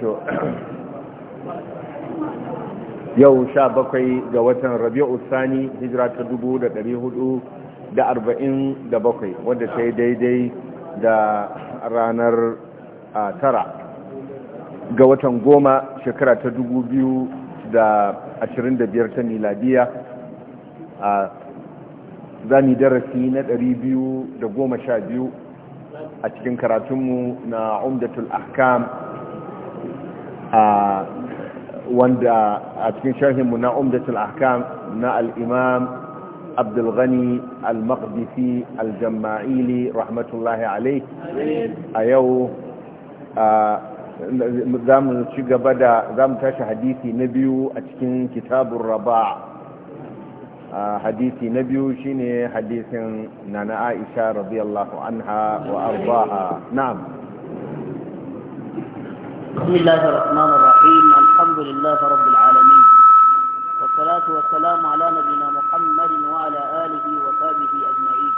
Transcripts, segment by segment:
to yau sha bakwai ga watan rabi'u sani hijira ta dubu da dari hudu da arba'in da bakwai wadda ta yi daidai da ranar tara ga watan goma shekara ta dubu biyu da ashirin da biyar ta miladiya a zami darasi na dari biyu da goma sha biyu a cikin karatunmu na umdatul ahkam wanda a cikin mu na umdatul ahkam na al'imam abdulghani al-maqdisi al jamaili rahmatullahi alaik a yau za mu ci gaba da za mu tashi hadisi na biyu a cikin kitabun raba hadisi na biyu shine hadisin nana aisha radiyallahu anha wa arbaha na'am بسم الله الرحمن الرحيم الحمد لله رب العالمين والصلاة والسلام على نبينا محمد وعلى آله وصحبه أجمعين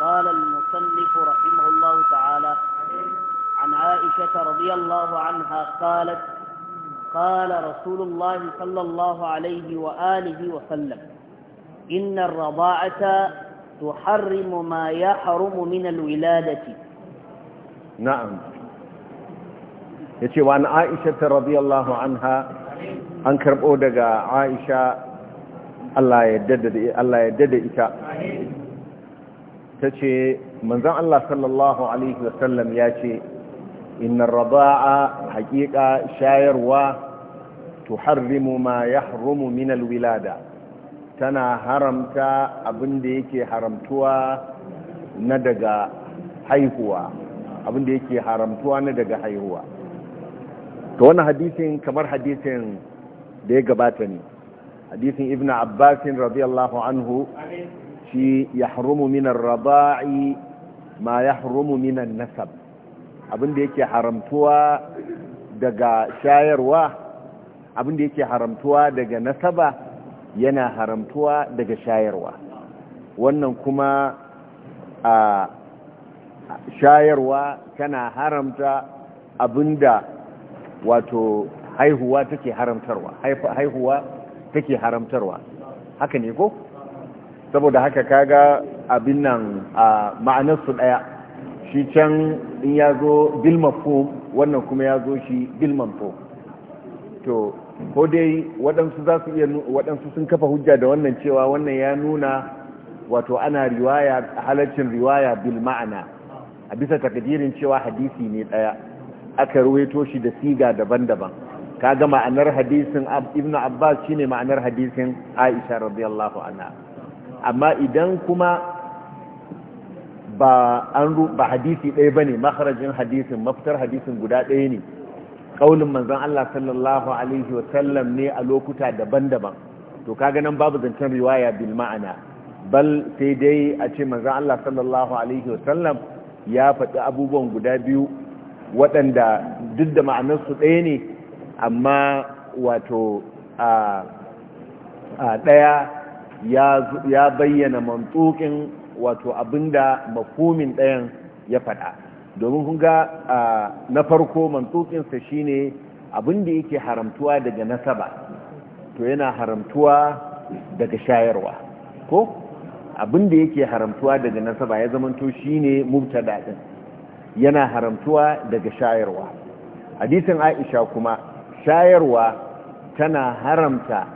قال المصنف رحمه الله تعالى عن عائشة رضي الله عنها قالت قال رسول الله صلى الله عليه وآله وسلم إن الرضاعة تحرم ما يحرم من الولادة نعم ya ce wa na aisha ta radiyallahu anha an karɓo daga aisha Allah ya dada ita ta ce manzan Allah sallallahu alaihi wasallam ya ce inna raba'a haƙiƙa shayarwa tuharrimu ma yahrumu minal wilada tana haramta abin yake haramtuwa na daga haihuwa abin da yake haramtuwa na daga haihuwa to wani hadisin kamar hadisin da ya gabata ne hadisin ibn abbasin radiyallahu anhu shi ya harumu minan raba'i ma ya harumu minan nasab abinda yake haramtuwa daga shayarwa abinda yake haramtuwa daga nasaba yana haramtuwa daga shayarwa wannan kuma a shayarwa tana haramta abinda wato haihuwa take haramtarwa haihuwa take haramtarwa haka ne ko saboda haka kaga abin nan a ma'anarsu daya shi can in ya zo bilmafo wannan kuma ya zo shi bilmanfo to ko dai waɗansu za su iya waɗansu sun kafa hujja da wannan cewa wannan ya nuna wato ana riwaya halaccin riwaya bil ma'ana a bisa takadirin cewa hadisi ne ɗaya aka ruwaito shi da siga daban-daban kaga ma'anar hadisin ibnu abbas shine ma'anar hadisin aisha radiyallahu anha amma idan kuma ba an ba hadisi ɗaya bane makharajin hadisin mafitar hadisin guda ɗaya ne kaulin manzon Allah sallallahu alaihi wa sallam ne a lokuta daban-daban to kaga nan babu zancen riwaya bil ma'ana bal sai dai a ce manzon Allah sallallahu alaihi wa sallam ya faɗi abubuwan guda biyu waɗanda duk da ma'anarsu ɗaya ne amma wato a ɗaya ya bayyana mantukin wato abinda makomin ɗayan ya faɗa domin kunga na farko mantukinsa shine abinda yake haramtuwa daga nasaba to yana haramtuwa daga shayarwa ko abinda yake haramtuwa daga nasaba ya zamanto shine mubtada din yana haramtuwa daga shayarwa hadisin aisha kuma shayarwa tana haramta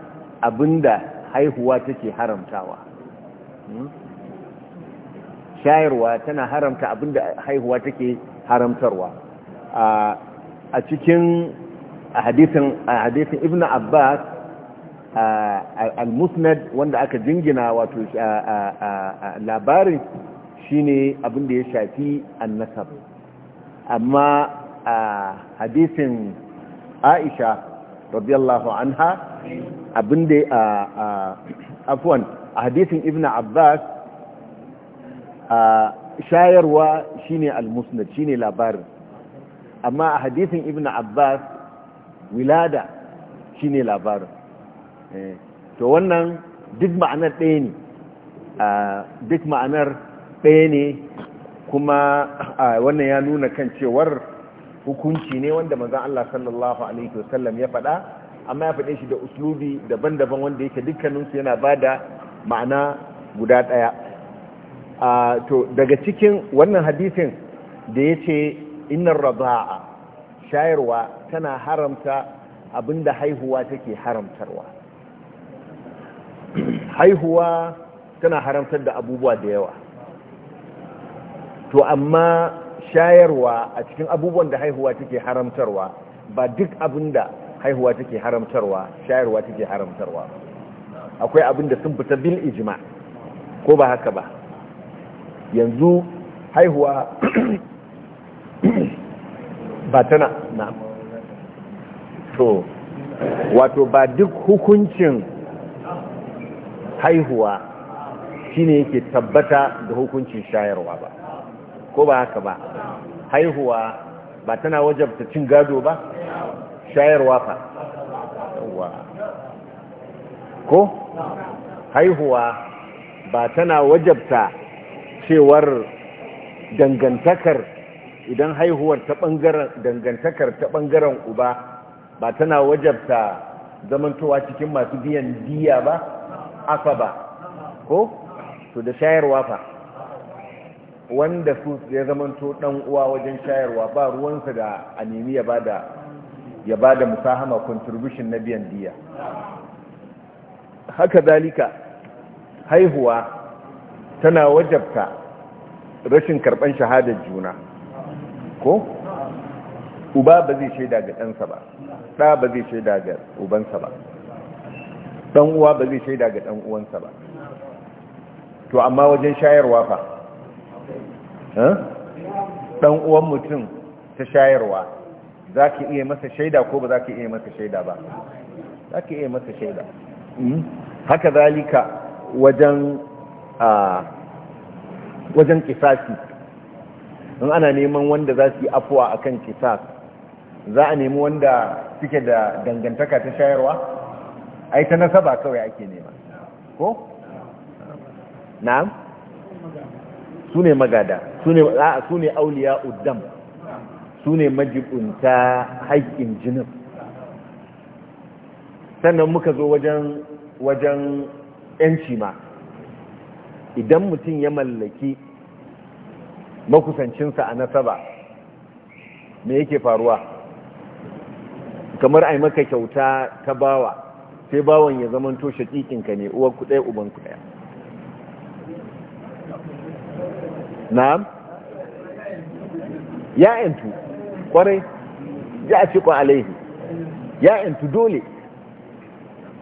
abinda haihuwa take haramtawa hmm? shayarwa tana haramta abinda haihuwa take haramtarwa a cikin hadisin ibn abbas al-musnad wanda aka jingina wato labarin shine abinda ya shafi annasab amma a hadisin aisha radiyallahu anha abinda a afwan a hadisin ibn abbas a shayarwa shine al-musnad shine labarin amma a hadisin ibn abbas wilada shine labarin eh, to wannan duk ma'anar ɗaya ne duk ma'anar ɗaya ne kuma wannan ya nuna kan cewar hukunci ne wanda manzan Allah sallallahu alaihi wasallam ya faɗa amma ya faɗe shi da uslubi daban-daban wanda yake dukkaninsu yana ba da ma'ana guda ɗaya to daga cikin wannan hadisin da ya ce innar raba'a shayarwa tana haramta abinda haihuwa take haramtarwa haihuwa tana haramtar da abubuwa da yawa to amma shayarwa a cikin abubuwan da haihuwa take haramtarwa ba duk abin da haihuwa take haramtarwa shayarwa take haramtarwa akwai abin da sun fita bil ijma ko ba haka ba yanzu haihuwa ba tana na to wato ba duk hukuncin haihuwa shine yake tabbata da hukuncin shayarwa ba ko ba haka ba haihuwa ba tana wajabta cin gado ba shayarwa fa ko haihuwa ba tana wajabta cewar dangantakar idan haihuwar ta bangaren dangantakar ta bangaren uba ba tana wajabta zamantowa cikin masu biyan diya ba aka ba ko to da shayarwa fa wanda su ya zamanto dan uwa wajen shayarwa ba ruwansa da a nemi ya bada ya bada musahama contribution na biyan diya haka dalika haihuwa tana wajabta rashin karban shahadar juna ko uba ba zai shaida ga ɗansa ba ɗa ba zai shaida ga ubansa ba ɗan uwa ba zai shaida ga ɗan uwansa ba to amma wajen shayarwa fa ɗan uwan mutum ta shayarwa za ka iya masa shaida ko ba za ka iya masa shaida ba za ka iya masa shaida hmm? haka zalika wajen wajen kisasi in ana neman wanda za su yi afuwa a kan kisas za a nemi wanda suke da dangantaka ta shayarwa ai ta nasaba kawai ake nema ko na'am su ne magada su ne a'a su ne auliya uddam su ne majibunta haƙƙin jinin sannan muka zo wajen wajen yanci ma idan mutum ya mallaki makusancinsa a nasaba me yake faruwa kamar ai maka kyauta ta bawa sai bawan ya zamanto shakikinka ne uwar kuɗai uban kuɗai na'am ya intu kwarai ya a cikin alaihi ya intu dole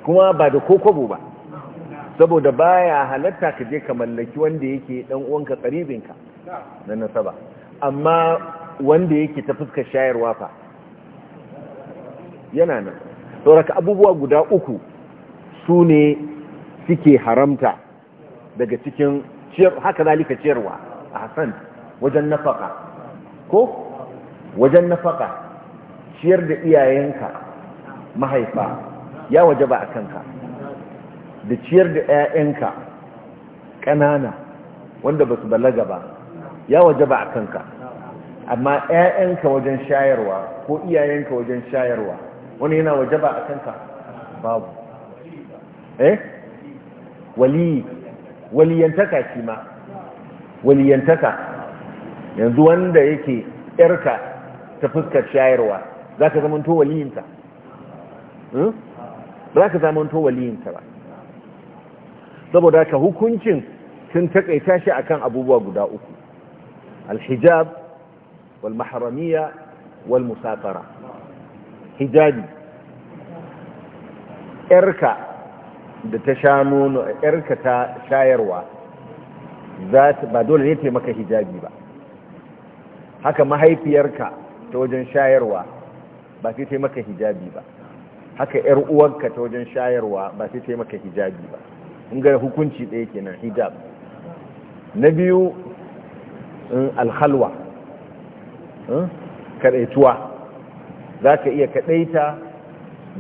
kuma ba da kokobo ba saboda baya halatta ka je ka mallaki wanda yake dan uwanka karibinka na nasaba amma wanda yake ta fuskar shayarwa fa yana nan sauraka abubuwa guda uku su ne suke haramta daga cikin haka zalika ciyarwa ahsan wajen nafaka ko wajen nafaka ciyar da iyayenka mahaifa ya waje ba a kanka da ciyar da 'ya'yanka ƙanana wanda ba su balaga ba ya waje ba a kanka amma 'ya'yanka wajen shayarwa ko iyayenka wajen shayarwa wani yana waje ba a kanka babu eh wali waliyantaka shi ma waliyantaka yanzu wanda yake yarka ta fuskar shayarwa za ka zamanto waliyinta hmm? za ka waliyinta ba saboda ka hukuncin sun taƙaita shi akan abubuwa guda uku alhijab walmaharamiya walmusafara hijabi yarka da ta sha nono yarka ta shayarwa ba dole ne taimaka hijabi ba haka mahaifiyarka ta wajen shayarwa ba sai taimaka hijabi ba haka yar uwarka ta wajen shayarwa ba sai taimaka hijabi ba in ga hukunci ɗaya kenan hijab na biyu alhalwa hmm, kaɗaituwa za ka iya kaɗaita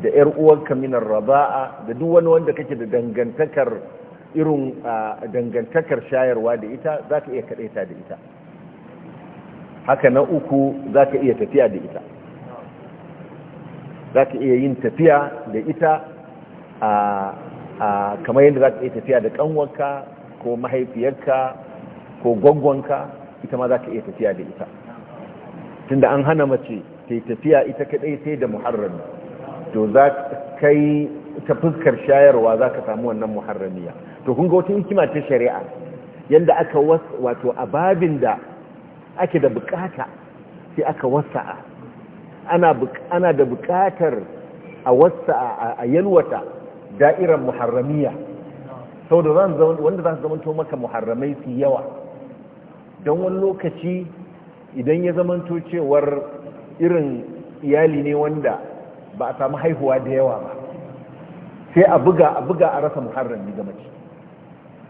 da yar uwarka minar raba'a da duk wani wanda kake da dangantakar irin dangantakar shayarwa da ita za ka iya kaɗaita da ita haka na uku za ka iya tafiya da ita za ka iya yin tafiya da ita kamar yadda za ka iya tafiya da ƙanwanka ko mahaifiyarka ko gwangwanka ita ma za ka iya tafiya da ita tunda an hana mace ta tafiya ita kaɗai sai da muharrami to za kai ta fuskar shayarwa za ka samu wannan muharramiya to kun ga wata hikima ta shari'a yanda aka wato ababin da ake da bukata sai aka wasa'a ana da bukatar a wasa'a a yalwata da'irar muharramiya Sau zan wanda za su zama maka muharramai su yawa don wani lokaci idan ya zama to cewar irin iyali ne wanda ba a samu haihuwa da yawa ba sai a buga a buga a rasa muharrami ga mace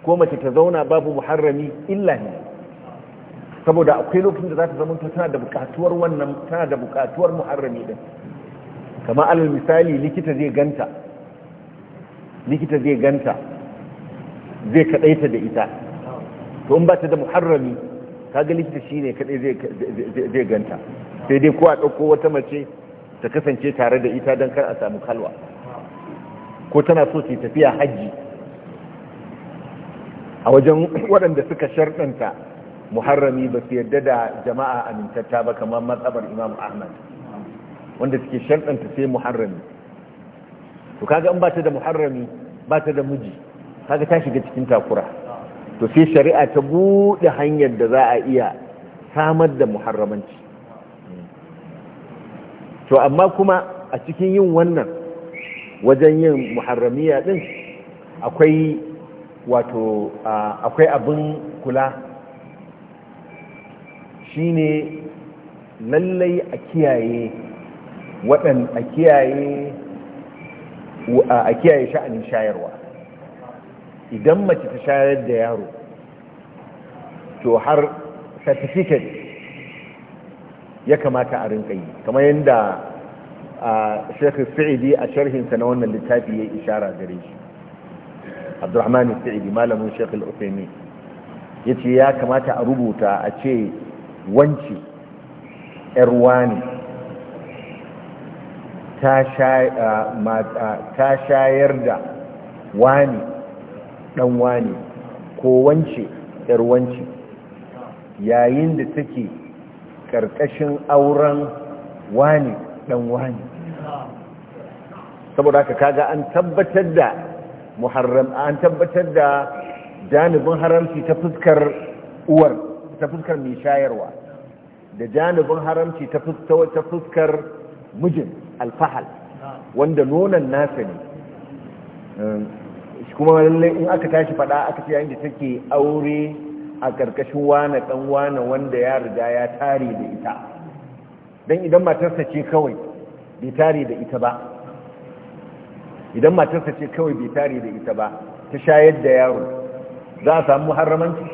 ko mace ta zauna babu muharrami illa ne saboda akwai lokacin da za ta zama tana da bukatuwar wannan tana da bukatuwar muharrami din kama alal misali likita zai ganta likita zai ganta zai kadaita da ita to in ba ta da muharrami kaga likita shine kadai zai ganta sai dai ko a dauko wata mace ta kasance tare da ita don kar a samu kalwa ko tana so ta tafiya hajji a wajen waɗanda suka sharɗanta muharrami ba su yarda da jama'a a amintatta ba kamar matsabar imam ahmad wanda suke sharɗanta sai muharrami to kaga in ba ta da muharrami ba ta da miji kaga ta shiga cikin takura to sai shari'a ta buɗe hanyar da za a iya samar da muharramanci to amma kuma a cikin yin wannan wajen yin muharramiya ɗin akwai wato akwai abin kula shi ne lallai a kiyaye waɗan a kiyaye a kiyaye sha'anin shayarwa idan mace ta shayar da yaro to har certificate ya kamata a rinka yi kamar yadda a shekhu a sharhinsa na wannan littafi ya ishara gare shi abdurrahman sa'idi malamin shekul usaimi ya ce ya kamata a rubuta a ce wanci erwani ta shayar da wani dan wani ko wance erwanci yayin da take karkashin auren wani dan wani saboda haka kaga an tabbatar da muharram an tabbatar da janibin haramci ta fuskar uwar ta fuskar mai shayarwa da janibin haramci ta fuskar mijin alfahal wanda nonon nasa ne kuma lallai in aka tashi fada aka ce yanda take aure a ƙarƙashin wane ɗan wane wanda ya riga ya tare da ita don idan matarsa ce kawai bai tare da ita ba idan matarsa ce kawai bai tare da ita ba ta shayar da yaro za a samu haramanci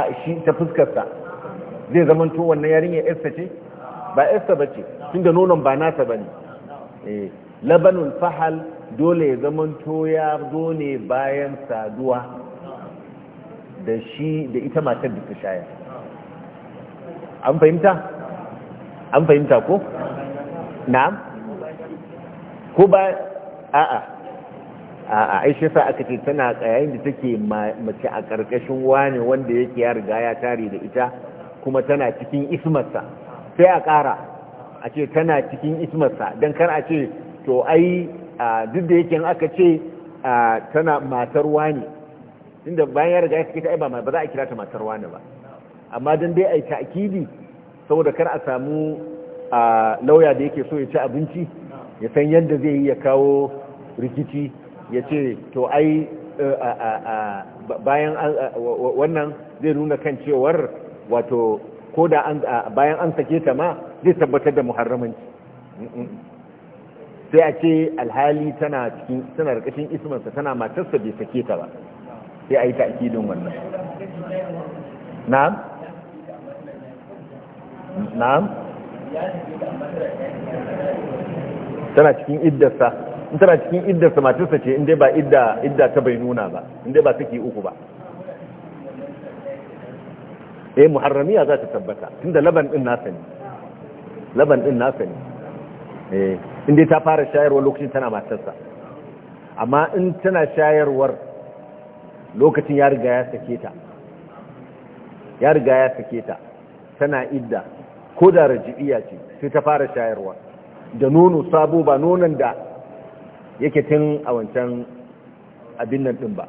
a shi ta fuskarsa zai zamanto wannan yarinya yarsa ce ba yarsa ba ce tun da nonon ba nasa ba ne eh, labanin fahal dole ya zamanto ya zo ne bayan saduwa da shi da ita matar da ta shaya an fahimta? an fahimta ko? na? ko ba a'a a'a ai shi sa aka ce tana tsayayin da take mace a karkashin wani wanda yake ya riga ya tare da ita kuma tana cikin ismarsa sai a ƙara a ce tana cikin ismarsa don kar a ce to ai duk da yake aka ce tana matar wani inda bayan ya riga ya kike ta ai ba ba za a kira ta matar wani ba amma don dai ai ta'kidi saboda kar a samu lauya da yake so ya ci abinci ya san yadda zai yi ya kawo rikici ya ce to ai eh, bayan wannan zai nuna kan cewar wato ko da bayan an sake ta ma zai tabbatar da muharramanci sai a ce alhali tana cikin tana rikicin ismansa tana matarsa bai sake ta ba sai a yi ta'akidin wannan na'am na'am tana cikin iddarsa tana cikin idda samatinsa ce inda ba idda idda ta bai nuna ba inda ba suke uku ba eh muharramiya za ta tabbata tunda laban din nasa ne laban din nasa ne eh inda ta fara shayarwa lokacin tana matarsa amma in tana shayarwar lokacin ya riga ya sake ta ya riga ya sake ta tana idda ko da rajiya ce sai ta fara shayarwa da nono sabo ba nonon da yake tun a wancan abin nan ɗin ba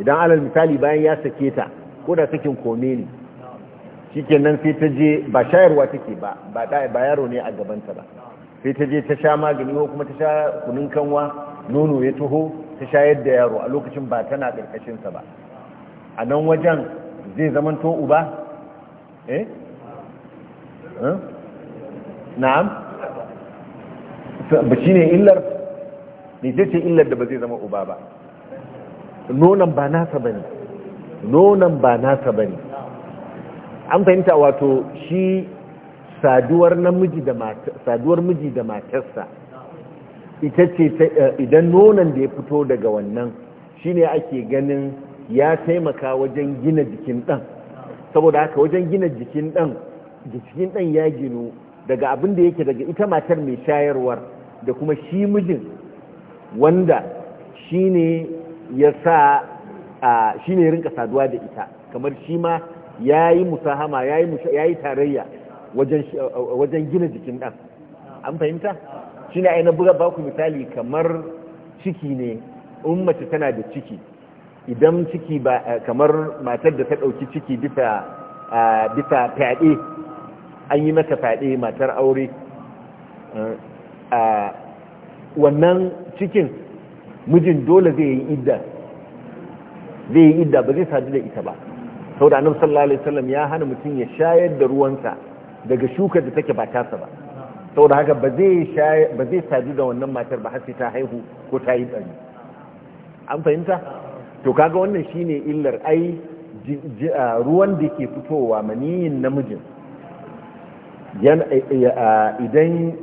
idan alal misali bayan ya sake ta ko da sakin kome ne shi kenan sai ta je ba shayarwa take ba ba yaro ne a gabanta ba sai ta je ta sha magani ko kuma ta sha kunun kanwa nono ya taho ta shayar da yaro a lokacin ba tana ƙarƙashinsa ba a nan wajen zai zamanto uba eh, eh? na'am ba shi ne illar ne ce illar da ba zai zama uba ba nonon ba nasa ba ne nonon ba nasa ba ne an fahimta wato shi saduwar miji da matarsa ita ce eh, idan nonon da ya fito daga wannan shine ake ganin ya taimaka wajen gina jikin ɗan saboda haka wajen gina jikin ɗan jikin ɗan ya ginu daga abin da yake daga ita matar mai shayarwar da kuma shi mijin wanda shine ya sa shine ya rinka saduwa da ita kamar shi ma ya yi musahama ya yi tarayya wajen gina jikin ɗan an fahimta shi ai na buga baku misali kamar ciki ne in mace tana da ciki idan ciki ba kamar matar da ta ɗauki ciki bisa bisa fyaɗe an yi mata fyaɗe matar aure wannan cikin mijin dole zai yi idda zai yi idda ba zai sadu da ita ba sau da annabi sallallahu alaihi wasallam ya hana mutum ya shayar da ruwansa daga shukar da take ba tasa ba saboda haka ba sadu da wannan matar ba har sai ta haihu ko ta yi tsari an fahimta to kaga wannan shine illar ai ruwan da ke fitowa maniyin namijin Eh, eh, ah, idan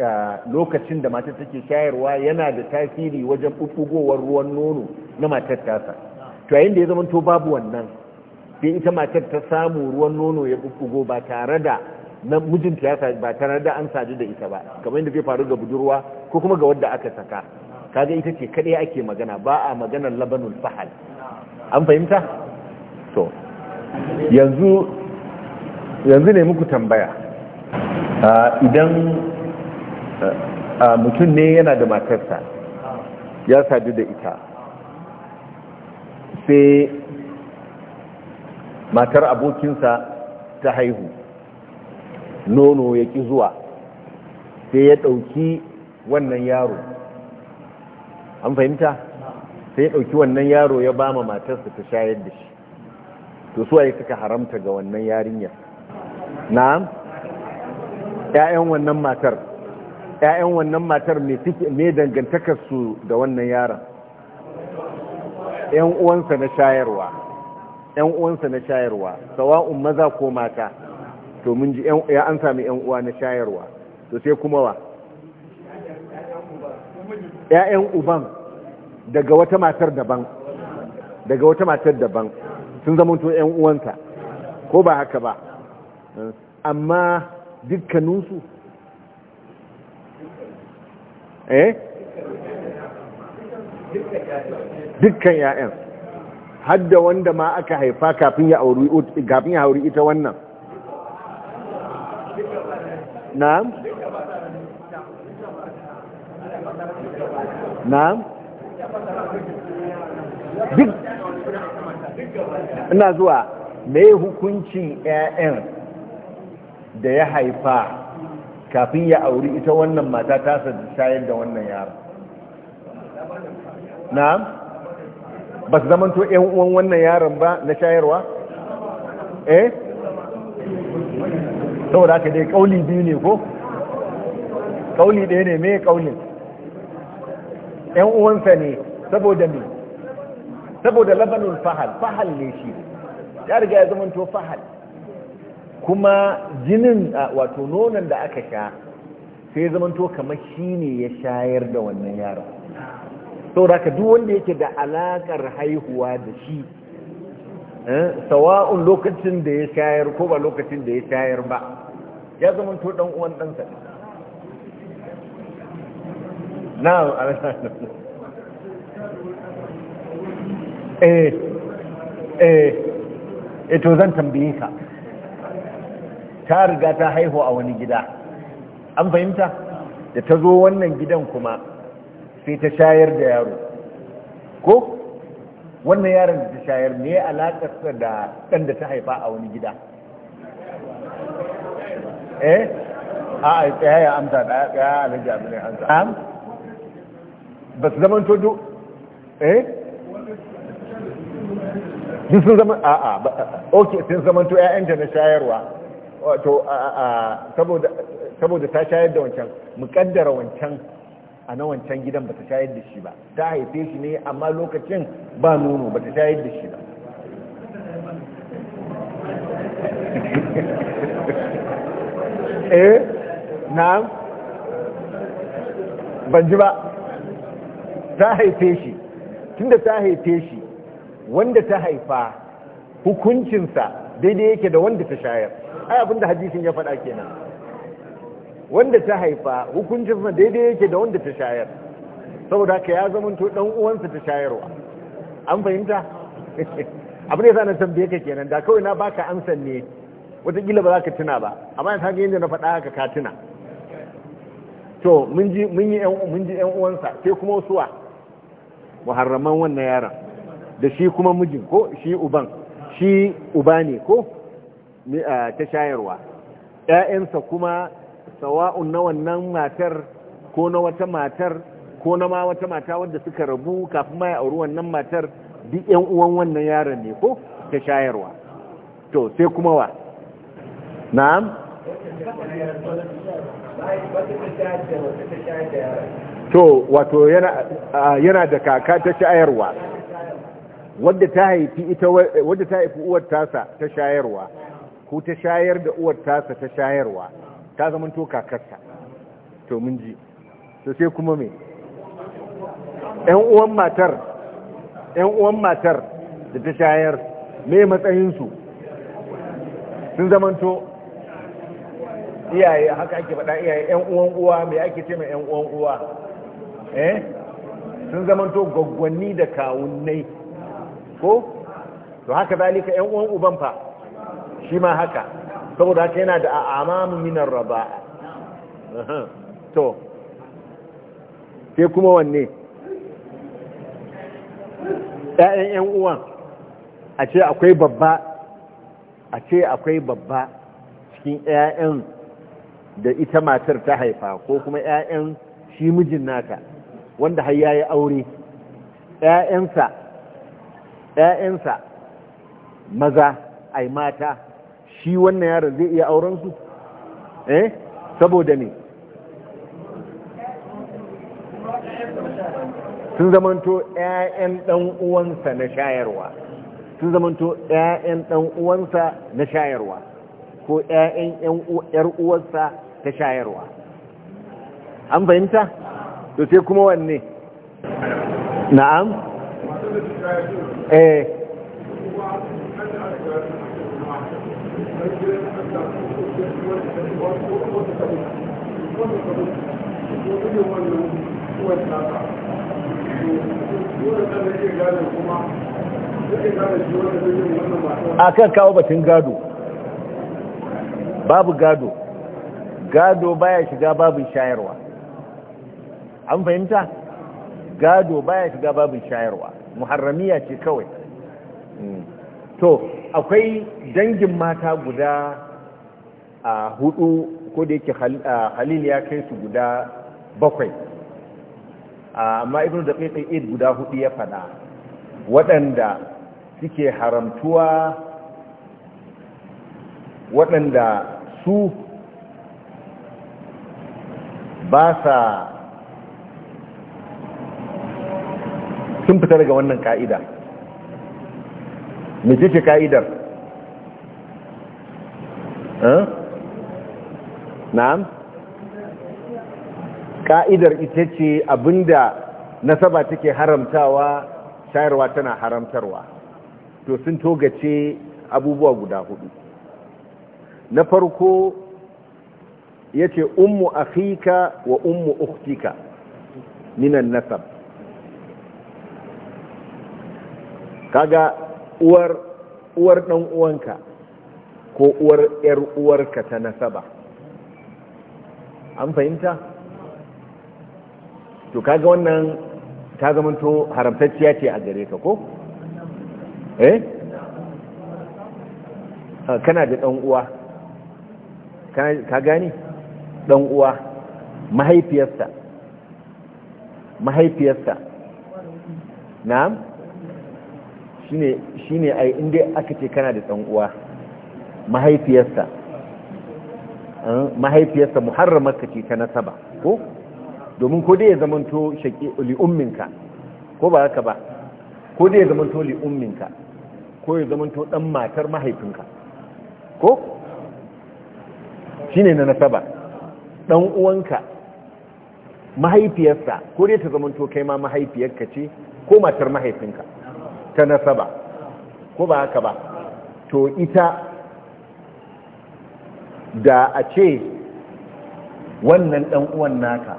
ah, lokacin da matar take shayarwa yana da tasiri wajen ɓuɓɓugowar ruwan nono na matar tasa to yayin da ya zama to babu wannan sai ita matar ta samu ruwan nono ya ɓuɓɓugo ba tare da na mijinta ya ba tare da an saji da ita ba kamar yadda zai faru ga budurwa ko kuma ga wadda aka saka kaga ita ce kaɗai ake magana ba a maganar labanul fahal an fahimta to yanzu yanzu ne muku tambaya idan mutum ne yana da matarsa ya sadu da ita sai matar abokinsa ta haihu nono ya ƙi zuwa sai ya ɗauki wannan yaro an fahimta sai ya ɗauki wannan yaro ya ba ma matarsa ta shayar da shi to ya suka haramta ga wannan yarinyar na'am 'ya'yan wannan matar ‘ya'yan wannan matar ne dangantakarsu da wannan yaron ‘yan uwansa na shayarwa ‘yan uwansa na shayarwa sawa'un maza ko mata to mun ji ya an sami ‘yan uwa na shayarwa to sai kuma wa ‘ya'yan uban daga wata matar daban daga wata matar daban sun zama to ‘yan uwansa ko ba haka ba amma dukkaninsu eh dukkan ya'yan hadda wanda ma aka haifa kafin ya auri ita wannan na'am na'am duk ina zuwa mai hukuncin 'ya'yan da ya haifa kafin ya auri ita wannan mata ta shayar da wannan yaron. na ba su zamanto uwan wannan yaron ba na shayarwa eh saboda haka dai kauli biyu ne ko kauli ɗaya ne mai kaulin yan uwansa ne saboda ne. saboda labanin fahal fahal ne shi ya riga ya zamanto fahal kuma jinin wato nonon da aka sha sai zamanto kamar shi ne ya shayar da wannan yaron saboda ka duk wanda yake da alakar haihuwa da shi eh, sawa'un lokacin da ya shayar ko ba lokacin da ya shayar ba ya zamanto dan uwan ɗansa na'am eh, eh eh to zan tambaye ka ta riga ta haihu a wani gida an fahimta da ta zo wannan gidan kuma sai ta shayar da yaro ko wannan yaron da ta shayar ne alaƙarsa da ɗan da ta haifa a wani gida eh a a tsaye ya amsa da ya lajiya abin amsa am ba su zama tojo eh sun zama a a ok sun zama to 'ya'yanta na shayarwa wato saboda ta shayar da wancan mukaddara wancan a na wancan gidan ba ta shayar da shi ba ta haife shi ne amma lokacin ba nono ba ta shayar da shi ba eh na ban ji ba ta haife shi tunda ta haife shi wanda ta haifa hukuncinsa daidai yake da wanda ta shayar ai abinda hadisin ya faɗa kenan wanda ta haifa hukuncin sa daidai yake da wanda ta shayar saboda ka ya zama to dan uwansa ta shayarwa an fahimta abin da na tambaye ka kenan da kawai na baka amsan ne wataƙila ba za ka tuna ba amma yanzu haka yanda na faɗa haka ka tuna to mun ji mun yi mun ji ƴan uwansa sai kuma suwa muharraman wannan yaron da shi kuma mijin ko shi uban shi uba ne ko ta shayarwa ‘ya'yansa kuma sawa'un na wannan matar ko na wata matar ko na ma wata mata wadda suka rabu kafin ma ya auri wannan matar duk ‘yan uwan wannan yaron ne ko ta shayarwa to sai kuma wa na'am to wato yana da kaka ta shayarwa wadda ta haifi uwar tasa ta shayarwa ko ta shayar da uwar tasa ta shayarwa ta to kakarta. to mun ji to sai kuma me ɗan uwan matar ɗan uwan matar da ta shayar me matsayin su sun to iyaye haka ake faɗa iyaye ɗan uwan uwa me ake ce mai ɗan uwan uwa eh sun to gwaggwanni da kawunnai ko to haka zalika ƴan uwan uban fa shi ma haka saboda haka yana da amamu minar raba to sai kuma wanne ɗayan 'yan uwan a ce akwai babba a ce akwai babba cikin 'ya'yan da ita matar ta haifa ko kuma 'ya'yan shi mijin naka wanda har yayi aure 'ya'yansa 'ya'yansa maza ai mata shi wannan yaron zai iya auren su eh saboda ne sun zamanto 'ya'yan ɗan uwansa na shayarwa sun zamanto 'ya'yan ɗan uwansa na shayarwa ko 'ya'yan uwar uwarsa ta shayarwa an fahimta to sai kuma wanne na'am eh a kan kawo batun gado babu gado gado baya shiga babin shayarwa an fahimta gado baya shiga babin shayarwa muharramiya ce kawai hmm. to akwai dangin mata guda a hudu ko da yake halil ya kai su guda bakwai amma ibn da kai id guda hudu ya fada waɗanda suke haramtuwa waɗanda su ba sa sun fita daga wannan ka'ida mace ce ka'idar na'am ka'idar ita ce abinda nasaba take haramtawa shayarwa tana haramtarwa to sun togace abubuwa guda hudu na farko ya ce ummu afika wa umu uktika minan nasab kaga uwar uwar dan uwanka ko uwar yar uwarka ta nasaba an fahimta to kaga wannan ta zamanto haramtacciya ce a gare ka ko eh kana da dan uwa ka gani dan uwa mahaifiyarsa mahaifiyarsa na'am shi ne ai inda aka ce kana da uwa mahaifiyarsa eh, mahaifiyarsa muharramarka ce ta nasaba ko domin ko dai ya zamanto shaƙi li'umminka ko ba haka ba ko dai ya zamanto li'umminka ko ya zamanto ɗan matar mahaifinka ko shi ne na nasaba ɗan uwanka mahaifiyarsa ko dai ta zamanto kai ma mahaifiyarka ce ko matar mahaifinka ta nasaba ko ba haka ba to ita da a ce wannan ɗan uwan naka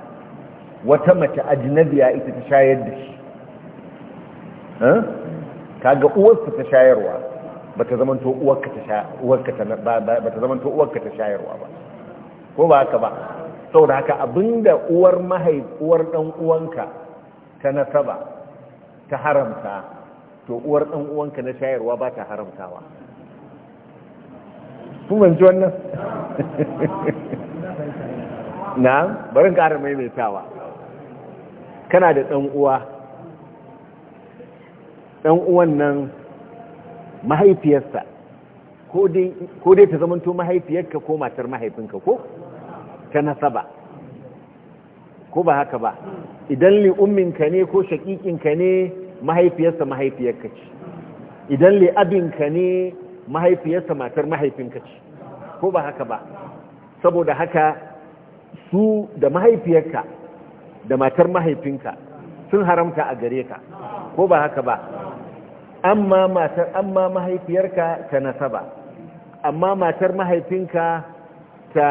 wata mace ajinabiya ita ta shayar da shi kaga uwarsa ta shayarwa ba ta zamanto uwarka ta shayarwa ba ko ba haka ba saboda haka abinda uwar mahaif uwar ɗan uwanka ta nasaba ta haramta to uwar ɗan uwanka na shayarwa ba ta haramtawa kun manci wannan na barin ƙara maimaitawa kana da ɗan uwa ɗan uwan nan mahaifiyarsa ko dai ta zamanto mahaifiyarka ko matar mahaifinka ko ta nasaba ko ba haka ba idan li'umminka ne ko shaƙiƙinka ne mahaifiyarsa mahaifiyarka ce idan li'abinka ne mahaifiyarsa matar mahaifinka ce ko ba haka ba saboda haka su da mahaifiyarka da matar mahaifinka sun haramta a gare ka ko ba haka ba amma matar amma mahaifiyarka ta nasaba amma matar mahaifinka ta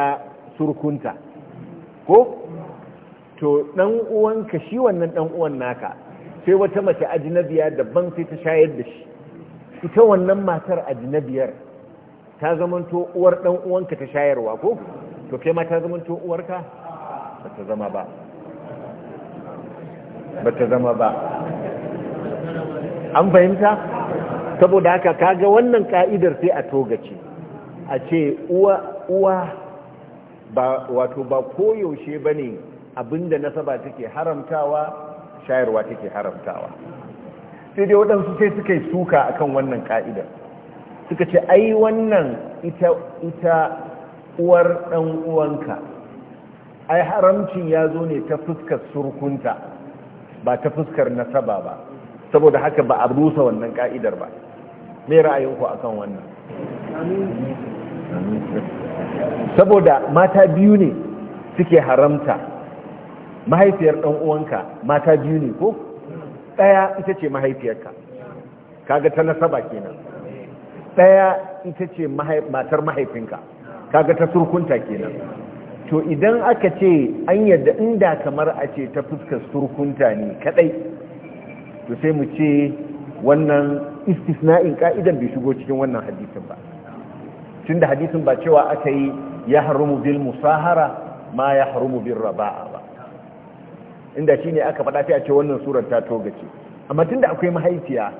surkunta ko to ɗan uwanka shi wannan ɗan uwan naka sai wata mace ajinabiya daban sai ta shayar da shi ita wannan matar ajinabiyar ta zamanto uwar dan uwanka ta shayarwa ko to kai ma ta zamanto uwarka ba ta zama ba ba ta zama ba an fahimta saboda haka kaga wannan ka'idar sai a togace a ce uwa uwa ba wato ba koyaushe bane abinda nasaba take haramtawa shayarwa take haramtawa sai dai waɗansu sai suka yi suka akan wannan ka'idar suka ce ai wannan ita ita uwar ɗan uwanka ai haramcin ya zo ne ta fuskar surkunta ba ta fuskar nasaba ba saboda haka ba a rusa wannan ka'idar ba me ra'ayinku akan wannan saboda mata biyu ne suke haramta mahaifiyar ɗan uwanka mata biyu ne ko ɗaya ita ce mahaifiyarka kaga ta nasaba kenan ɗaya ita ce matar mahaifinka kaga ta surkunta kenan to idan aka ce an yadda inda kamar a ce ta fuskar surkunta ne kadai to sai mu ce wannan istisna'in ka'idan bai shigo cikin wannan hadisin ba tunda hadisin ba cewa aka yi ya haramu bil musahara ma ya haramu bil raba'a inda shi ne aka faɗa sai a ce wannan surar ta ce amma tun da akwai mahaifiya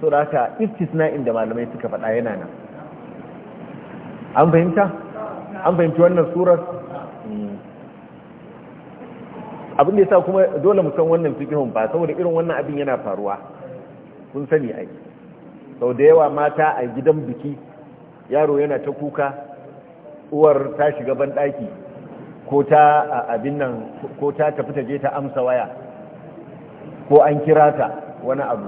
so da haka istisna'in inda malamai suka faɗa yana nan an fahimta an fahimci wannan surar hmm. abin da ya sa kuma dole mu san wannan fikihun ba saboda irin wannan abin yana faruwa kun sani ai sau da yawa mata a gidan biki yaro yana ta kuka uwar ta shiga ban ɗaki ko ta abin nan ko ta tafi ta je ta amsa waya ko an kira ta wani abu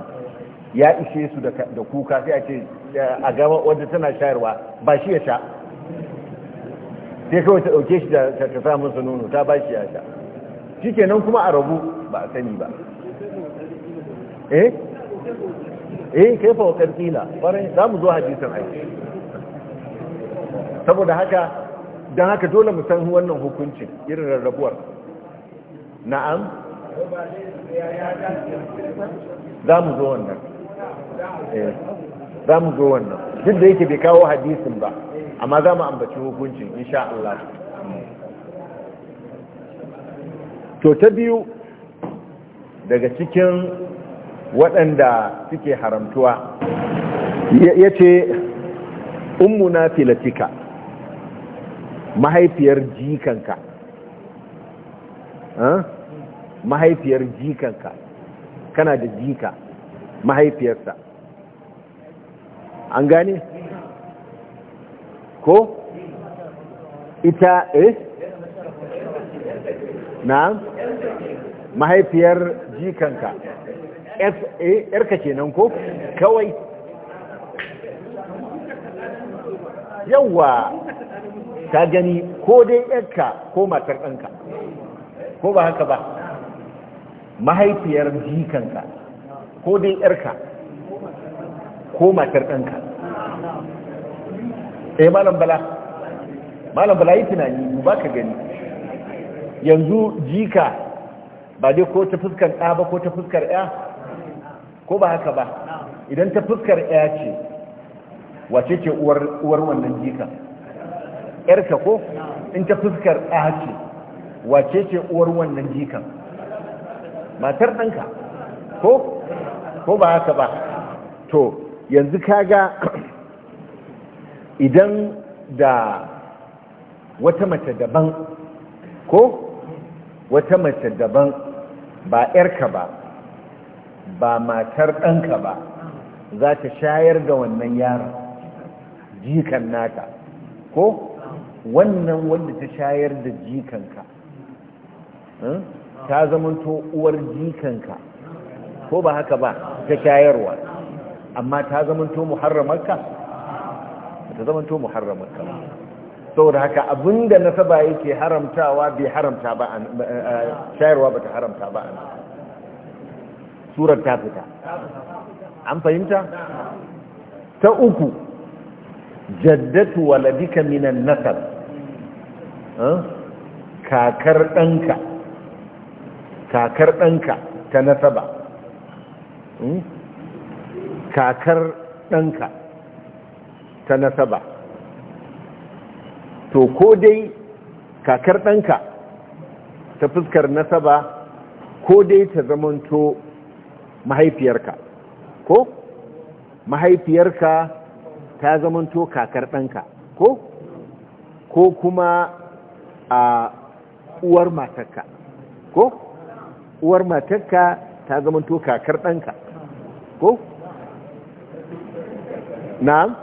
ya ishe su da kuka sai a ce a gaba wadda tana shayarwa ba shi ya sha sai kawai ta ɗauke shi da ta samun su nono ta ba shi ya sha shi kenan kuma a rabu ba a sani ba eh, eh kai fa wa karfila ƙwarai za mu zo hadisin aiki saboda haka don haka dole mu san wannan hukuncin irin rarrabuwar na'am za mu zo wannan eh, za mu zo wannan duk da yake bai kawo hadisin ba amma za mu ambaci hukuncin insha Allah to ta biyu daga cikin waɗanda suke haramtuwa ya ce ummuna filatika mahaifiyar jikanka mahaifiyar jikanka kana da jika mahaifiyarsa an gane ko ita eh na mahaifiyar jikanka eh, yarka kenan ko kawai yawwa ka gani ko dai yarka ko matar ɗanka ko ba haka ba mahaifiyar jikanka ko dai yarka ko matar ɗanka eh malam bala malam bala yi tunani ba ka gani yanzu jika ba dai ko ta fuskar ɗa ba ko ta fuskar ɗa ko ba haka ba idan ta fuskar ɗa ce wace ce uwar wannan jikan yarka ko in ta fuskar ɗa wace ce uwar wannan jikan matar ɗanka ko ko ba haka ba to yanzu kaga idan da wata mace daban ko wata mace daban ba yarka ba ba matar ɗanka ba za ta shayar da wannan yaron jikan nata ko wannan wanda ta shayar da jikanka hmm? ta zamanto uwar jikanka ko ba haka ba ta shayarwa amma ta zamanto muharramarka ta zamanto muharramarka saboda haka abinda nasaba yake haramtawa bai haramta ba a eh, eh, shayarwa ba ta haramta ba a surar ta fita an fahimta ta uku jaddatu waladika minan nasab kakar ɗanka kakar ɗanka ta nasaba hmm? kakar ɗanka ta nasaba to ko dai kakar ɗanka ta fuskar nasaba ko dai ta zamanto mahaifiyarka ko mahaifiyarka ta zamanto kakar ɗanka ko ko kuma a uwar matarka ko uwar matarka ta to kakar ɗanka ko na'am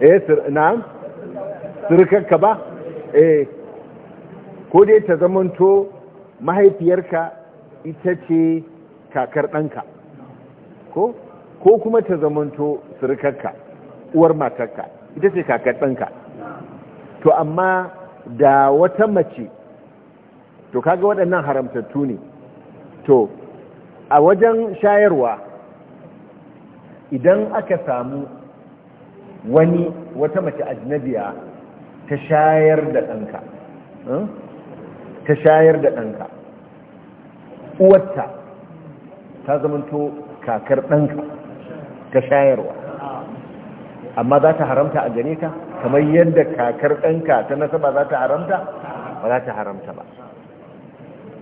eh na'am surukarka ba eh ko dai ta zamanto mahaifiyarka ita ce kakar ɗanka ko ko kuma ta zamanto surukarka uwar matarka ita ce kakar ɗanka to amma da wata mace to kaga waɗannan haramtattu ne to a wajen shayarwa idan aka samu wani wata mace ajnabiya ta shayar da ɗanka hmm? ta shayar da ɗanka uwarta ta zamanto kakar ɗanka ta shayarwa amma za ta haramta a gane ka kamar yadda kakar ɗanka ta nasaba za ta haramta ba za ta haramta ba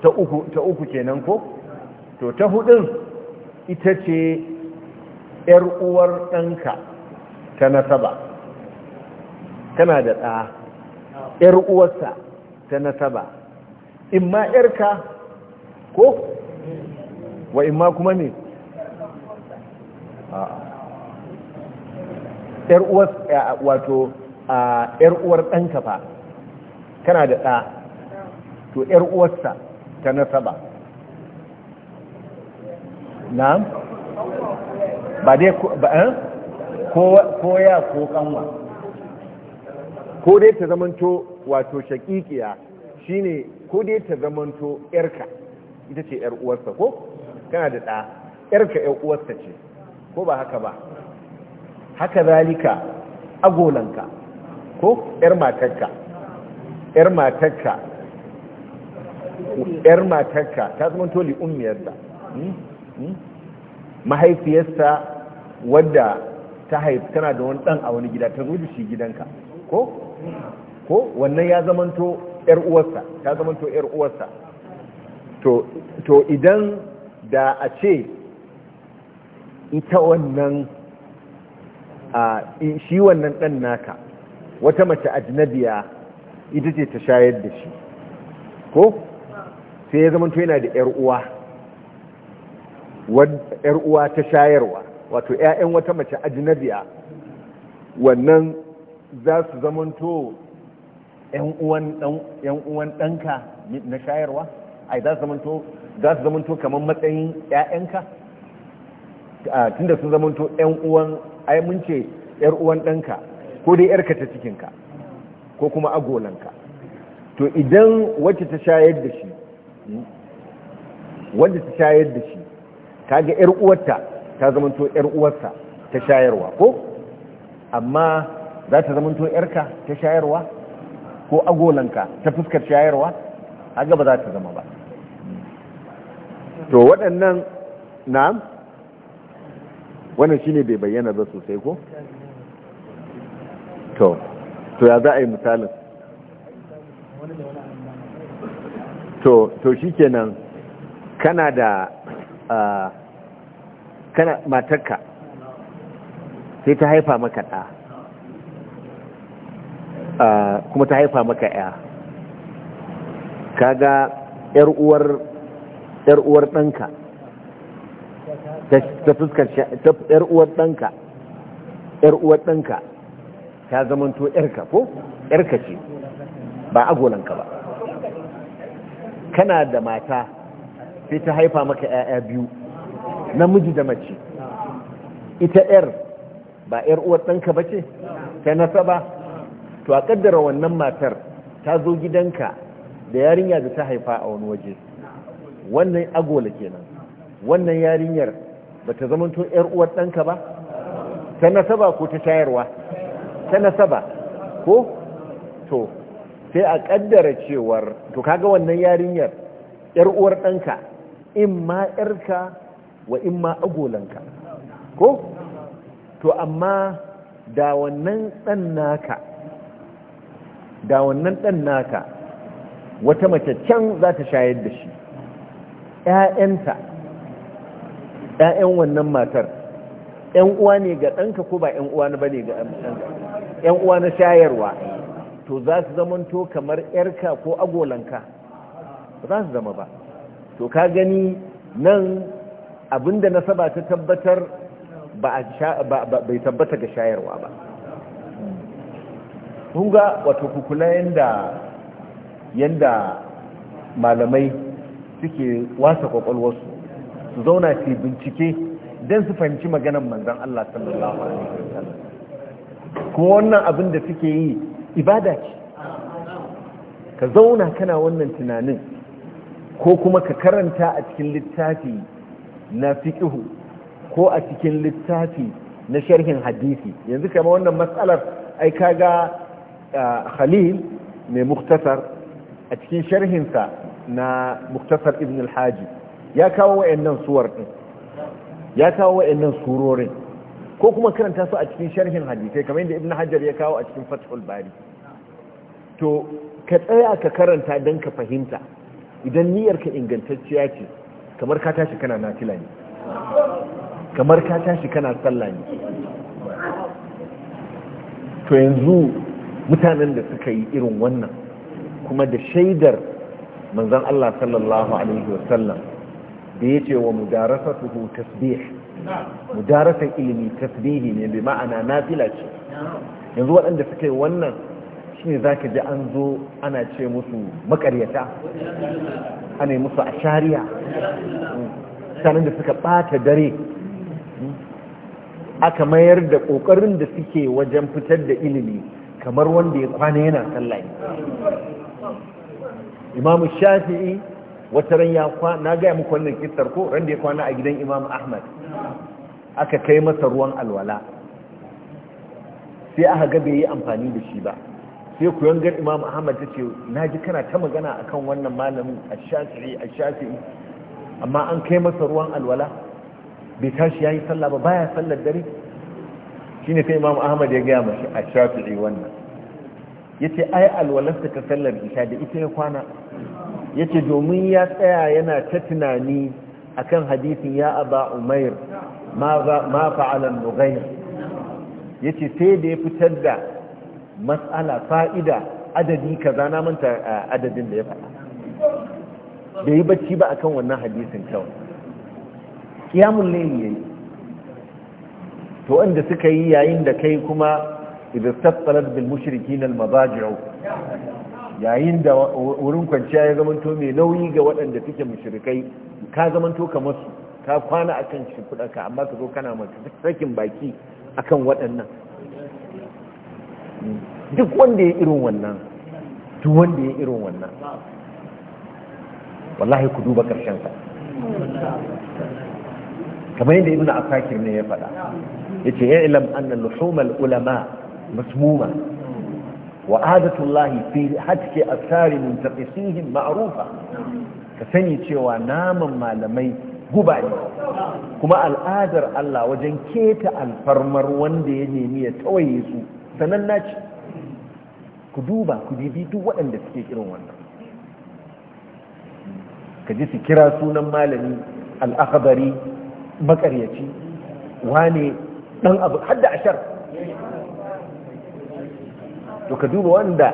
ta uku kenan ko to ta hudun ita ce yar uwar ɗanka ta nasaba kana da ɗa yar uwarsa ta nasaba in ma yarka ko wa in ma kuma ne yar uwarsa wato a ƴar uwar ɗanka fa kana da ɗa to ƴar uwarsa ta nasaba na ba dai ko eh? ya ko kanwa ko dai ta zamanto wato shakikiya shine ko dai ta zamanto ƴarka ita ce ƴar uwarsa ko kana da ɗa ƴarka ƴar uwarsa ce ko ba haka ba haka zalika agolanka ko yar matarka yar matarka yar matarka ta zama toli ummiyarsa hmm? hmm? mahaifiyarsa wadda ta haifi tana da wani dan a wani gida ta zo da shi gidanka ko ko wannan ya to yar uwarsa ta to yar uwarsa to to idan da a ce ita wannan a shi wannan dan naka wata mace ajnabiya ita ce ta shayar da shi ko sai ya zamanto yana da 'yar uwa yar uwa ta shayarwa wato 'ya'yan wata mace ajnabiya wannan za su zamanto 'yan uwan ɗanka na shayarwa ai za su zamanto za su zamanto kamar matsayin 'ya'yanka tunda sun zamanto 'yan uwan ai mun ce 'yaruwan uwan ɗanka ko dai yarka ta cikinka ko kuma agolanka to idan wacce ta shayar da shi hmm, wanda ta shayar da shi kaga yar uwarta ta zamanto yar uwarsa ta shayarwa ko amma za ta zamanto yarka ta shayarwa ko agolanka ta fuskar shayarwa kaga ba za ta zama ba to waɗannan na'am wannan shine bai bayyana ba sosai ko to to ya za a yi misalin to to shikenan kana da kana matarka sai ta haifa maka ɗa kuma ta haifa maka ya kaga yar uwar ɗanka ta fuskar yar uwar ɗanka yar uwar ɗanka ta zamanto yarka ko yarka ce ba agolanka ba kana da mata sai ta haifa maka 'ya'ya biyu namiji da mace ita 'yar ba 'yar uwar ɗanka ba ce ta nasaba to a ƙaddara wannan matar ta zo gidanka da yarinya da ta haifa a wani waje wannan agola kenan wannan yarinyar ba ta zamanto 'yar uwar ɗanka ba ta nasaba ko ta shayarwa ta nasaba ko to sai a kaddara cewar to kaga wannan yarinyar yar uwar danka in ma yarka wa in ma agolanka ko to amma da wannan dan naka da wannan dan naka wata mace can za ta shayar da shi ƴaƴanta ‘ya'yan wannan matar ‘yan uwa ne ga ɗanka ko ba ‘yan uwa ba ne ga ɗanka yan uwa na shayarwa to za su zamanto kamar yarka ko agolanka ba za su zama ba to ka gani nan abinda nasaba ta tabbatar bai tabbata ga shayarwa ba hunga wato kukula yanda yanda malamai suke wasa kwakwalwarsu su zauna su bincike don su fahimci maganan manzan Allah sallallahu Alaihi wasallam kuma wannan abin da suke yi ibada ce ka zauna kana wannan tunanin ko kuma ka karanta a cikin littafi na fiƙihu ko a cikin littafi na sharhin hadisi yanzu kama wannan matsalar ai kaga khalil mai muktasar a cikin sharhinsa na muktasar ibn al-haji ya kawo wa'annan suwar ɗin, ya kawo wa'annan surorin ko kuma karanta su a cikin sharhin hadisai kamar yadda ibn Hajjar ya kawo a cikin fathul bari to ka tsaya ka karanta don ka fahimta idan niyyar ka ingantacciya ce kamar ka tashi kana nafila ne kamar ka tashi kana sallah ne to yanzu mutanen da suka yi irin wannan kuma da shaidar manzon Allah sallallahu alaihi wasallam da ce wa mudarasatuhu tasbih mudarasar ilimi tasbihi ne bi ma'ana nafila ce yanzu waɗanda suka yi wannan shine zaka ji an zo ana ce musu makaryata ana yi musu ashariya sanin da suka ɓata dare aka mayar da ƙoƙarin da suke wajen fitar da ilimi kamar wanda ya kwana yana sallah imamu shafi'i wata ran ya kwana na gaya muku wannan kistar ko ran da ya kwana a gidan Imam ahmad aka kai masa ruwan alwala sai aka ga bai yi amfani da shi ba sai ku yangar imam ahmad ta ce na ji kana ta magana akan wannan malamin a shafi'i a shafi'i amma an kai masa ruwan alwala bai tashi ya yi sallah ba baya sallar dare shi ne sai imam ahmad ya gaya mashi a shafi'i wannan ya ai alwalarsa ta sallar isha da ita ya kwana yace domin ya tsaya yana ta tunani akan hadisin ya aba umair ma fa'alan Ya yace sai da ya fitar da mas'ala fa'ida adadi ka na manta adadin da ya faɗa da yi bacci ba akan wannan hadisin kawai kiyamun laili yi. to wanda suka yi yayin da kai kuma idan tattalar bil mushrikin al mabaji'u yayin da wurin kwanciya ya zamanto mai nauyi ga waɗanda suke mushrikai ka zamanto kamar su ka kwana akan shimfiɗarka amma ka zo kana maka sakin baki akan waɗannan duk wanda ya irin wannan duk wanda ya irin wannan wallahi ku duba ƙarshensa kamar yadda ibn asakir ne ya faɗa ya ce ya ilam anna luhumar ulama masmuma wa adatullahi fi haske asari muntaƙisihim ma'arufa ka sani cewa naman malamai guba ne kuma al'adar Allah wajen keta alfarmar wanda ya nemi ya tawaye su sanan naci ku duba ku bibi duk waɗanda suke irin wannan ka ji su kira sunan malami al'akabari makaryaci wane ɗan abu hadda ashar to ka duba wanda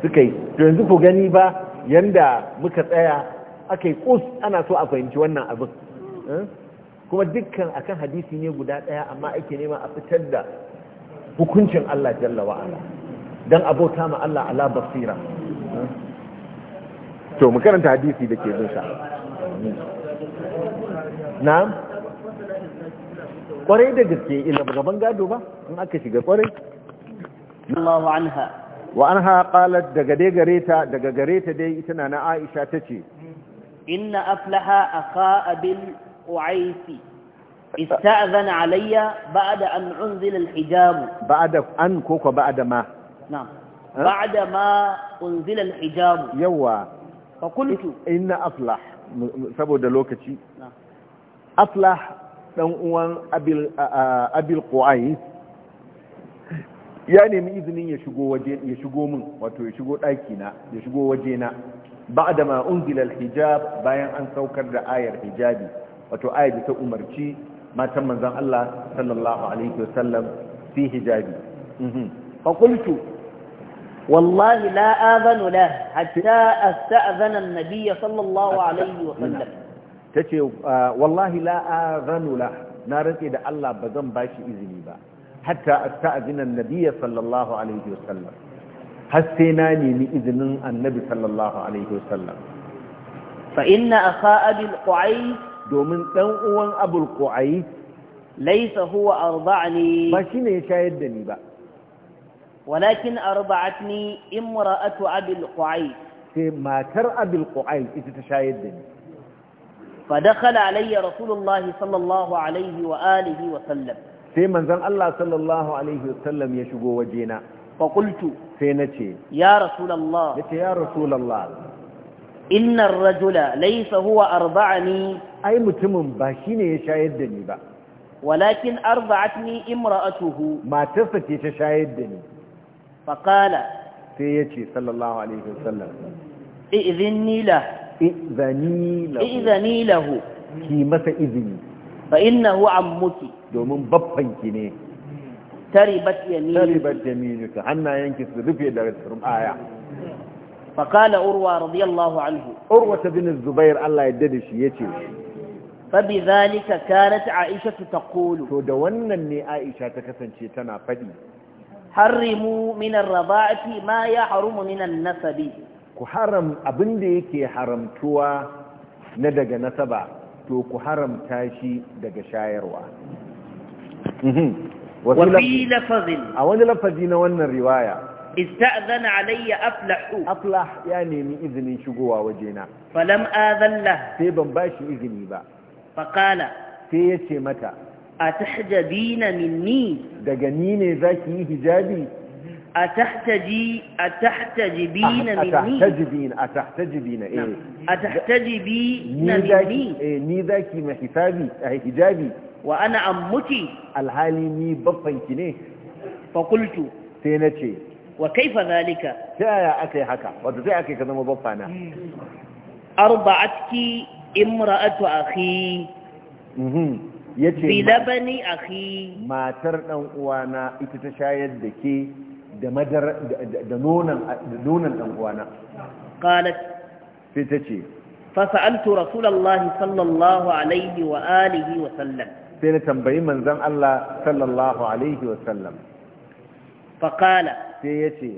suka yi to yanzu ku gani ba yanda muka tsaya aka yi kus ana so a fahimci wannan abin eh? kuma dukkan akan hadisi ne guda ɗaya amma ake nema a fitar da hukuncin Allah jalla wa'ala don abota ma Allah ala basira eh? to mu karanta hadisi da ke sa na kwarai da gaske ila gaban gado ba in aka shiga kwarai Allahu wa anha qalat daga dai gareta daga gareta dai ita na Aisha ce. إن أفلح أخاء بالقعيس استأذن علي بعد أن أنزل الحجاب بعد أن كوك بعد ما نعم أه؟ بعد ما أنزل الحجاب يوا فقلت إن أفلح saboda lokaci aflah dan uwan abil abil ya nemi izinin ya shigo waje ya shigo min wato ya shigo daki na ya shigo waje na ba'da ma unzila al-hijab bayan an saukar da ayar hijabi wato ayar da ta umarci matan manzon Allah sallallahu alaihi wasallam fi hijabi mhm. fa qultu wallahi la azanu la hatta asta'zana an-nabiy sallallahu alaihi wasallam tace wallahi la azanu la na rantse da Allah bazan bashi izini ba hatta asta'zina an-nabiy sallallahu alaihi wasallam har sai na nemi izinin annabi sallallahu alaihi wasallam fa inna akha abi al domin ɗan uwan abu al-qu'ays laysa huwa ba shine ya shayar da ni ba walakin arda'atni in abi al sai matar abi ita ta shayar da ni فدخل علي رسول الله صلى الله عليه وآله وسلم sai manzan Allah sallallahu alaihi wasallam ya shigo wajena fa qultu sai ce. ya rasulallah! Ya ce ya rasulallah! inna ar-rajula laysa huwa arba'ani ai mutumin ba shi ne ya shayar da ni ba walakin arba'atni imra'atuhu matarsa ce ta shayar da ni Faƙala. qala sai yace sallallahu alaihi wasallam i'zinni la i'zani lahu ki masa izini fa inna hu ammuki domin babbanki ne taribat yaminu taribat yaminu ka hanna yanki su rufe da rasulun aya fa urwa radiyallahu anhu urwa bin zubair Allah ya dade shi yace fabi zalika ta aisha taqulu to da wannan ne aisha ta kasance tana fadi harimu min ar-rada'ati ma ya min an-nasabi ku haram abin da yake haramtuwa na daga nasaba to ku haramta shi daga shayarwa wafi lafazin a wani lafazi na wannan riwaya استأذن علي أفلح أفلح يعني من إذن شقوا وجينا فلم آذن له سيبا باش إذني با فقال سيتي متى أتحجبين مني دقنيني ذاكي هجابي أتحتجي أتحتجبين مني أتحتجبين أتحتجبين إيه أتحتجبين مني إيه نيذاك ما حسابي حجابي وأنا أمتي الحالي ني بطنك نه فقلت سينتي وكيف ذلك تايا أكي حكا وتتايا أكي كذا مبطنا أرضعتك امرأة أخي yace bi labani akhi matar dan uwana ita ta shayar da ke da madar da nunan nonan dan uwana qalat sai ta ce fa Rasulallah sallallahu alaihi wa alihi wa sallam sai na tambayi manzan Allah sallallahu alaihi wa sallam fa qala sai yace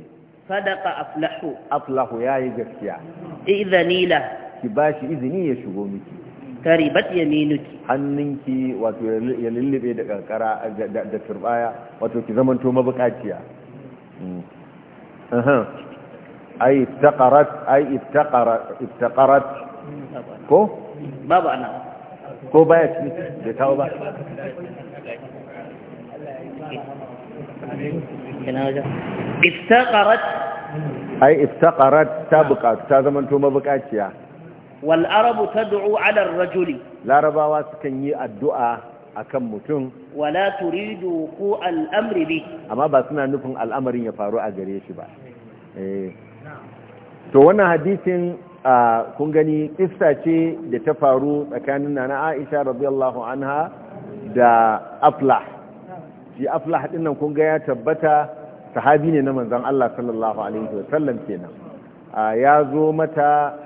sadaqa aflahu aflahu yi gaskiya idhani Ki ba shi izini ya shigo miki taribat yaminuki hannunki wato ya lullube da kankara da turbaya wato ki zamanto mabukaciya Mm. ai taqarat ai ko baya ci da kawo ba iftaqarat ai ta buƙatu ta zaman to mabuƙaciya wal arabu tad'u ala larabawa sukan yi addu'a akan mutum wala turidu ku al'amri bi amma ba suna nufin al'amarin ya faru a gare shi ba eh. to wannan hadisin kun gani kissa ce da ta faru tsakanin nana Aisha radiyallahu anha da Aflah shi Aflah din nan kun ga ya tabbata sahabi ne na manzon Allah sallallahu alaihi sallam kenan ya zo mata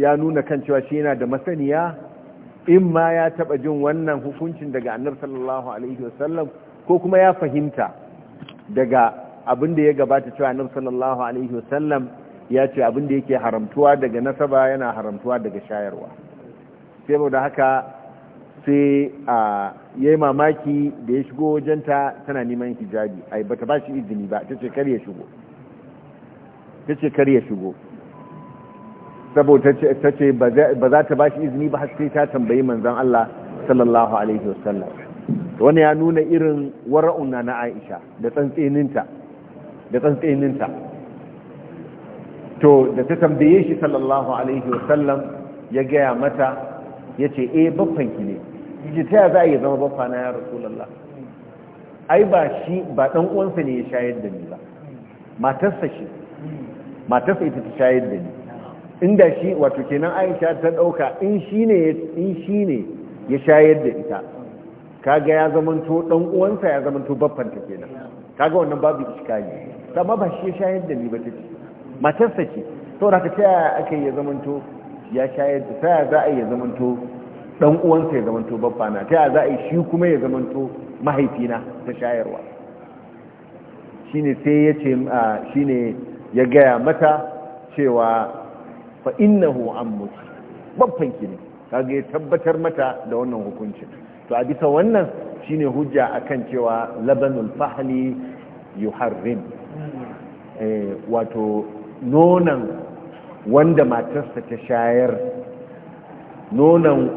ya nuna kan cewa shi yana da masaniya in ma ya taɓa jin wannan hukuncin daga annar sallallahu alaihi wasallam ko kuma ya fahimta daga abin da ya gabata cewa annar sallallahu alaihi wasallam ya ce abin da yake haramtuwa daga nasaba yana haramtuwa daga shayarwa sai da haka sai a yayi mamaki da ya shigo wajenta tana neman hijabi ai bata ba shi izini ba ta ce kar ya shigo ta ce kar ya shigo saboda ta ce ba za ta ba shi izini ba haske ta tambayi manzan Allah sallallahu alaihi wasallam wani ya nuna irin wara'una na Aisha da tsantseninta da to da ta tambaye shi sallallahu alaihi wasallam ya gaya mata ya ce eh baffanki ne ji ta za a yi zama babba na ya rasulallah ai ba shi ba ɗan uwansa ne ya shayar da ni ba matarsa shi matarsa ita ta shayar da ni inda shi wato kenan aisha ta dauka in shine ne ya shayar da ita kaga ya zamanto dan uwansa ya zamanto baffan ta kenan kaga wannan babu iskali amma ba shi ya shayar da ni ba ta take matarsa ce da ka tsaya aka ya zamanto ya shayar da taya za a ya zamanto dan uwansa ya zamanto babba na taya za a shi kuma ya zamanto mahaifina ta shayarwa shine sai ya ce shine ya gaya mata cewa fa innahu ammuki babban ki ne kaga ya tabbatar mata da wannan hukuncin to a bisa wannan shine hujja akan cewa labanul fahli yuharrim eh wato nonan wanda matarsa ta shayar nonan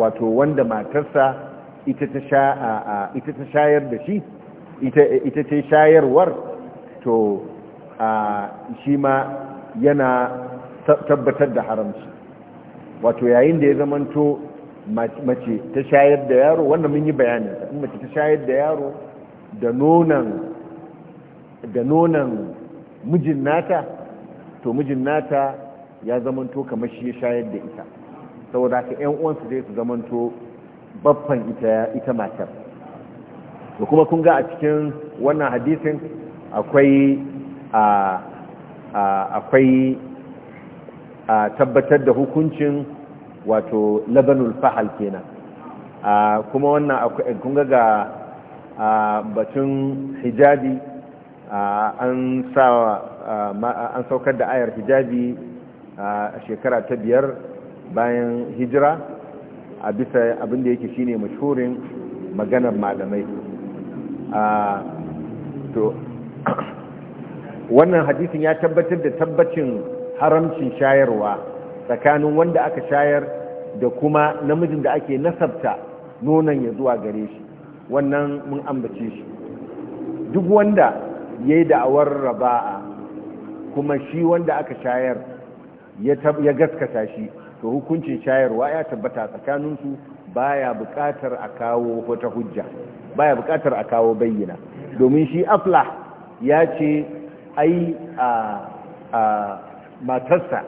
wato wanda matarsa ita ta sha ita ta shayar da shi ita ita ta shayarwar to shi ma yana tabbatar da haramci wato yayin da ya zamanto mace ta shayar da yaro wanda mun yi bayanin ta mace ta shayar da yaro da nonan mijin nata to mijin nata ya zamanto kamar shi ya shayar da ita saboda haka 'yan uwansu zai su zamanto baffan ita matar da kuma kun ga a cikin wannan hadisin akwai akwai a tabbatar da hukuncin wato labanul fahal kenan kuma wannan akwai eh, kun ga batun hijabi an saukar da ayar hijabi a shekara ta biyar bayan hijira a bisa abinda yake shine mashhurin maganar malamai to wannan hadisin ya tabbatar da tabbacin haramcin shayarwa tsakanin wanda aka shayar da kuma namijin da ake nasabta nonon ya zuwa gare shi wannan mun ambace shi duk wanda ya yi da'awar raba'a kuma shi wanda aka shayar ya gaskata shi to hukuncin shayarwa ya tabbata tsakaninsu baya bukatar a kawo wata hujja baya bukatar a kawo bayyana domin shi afla ya ce ai a matarsa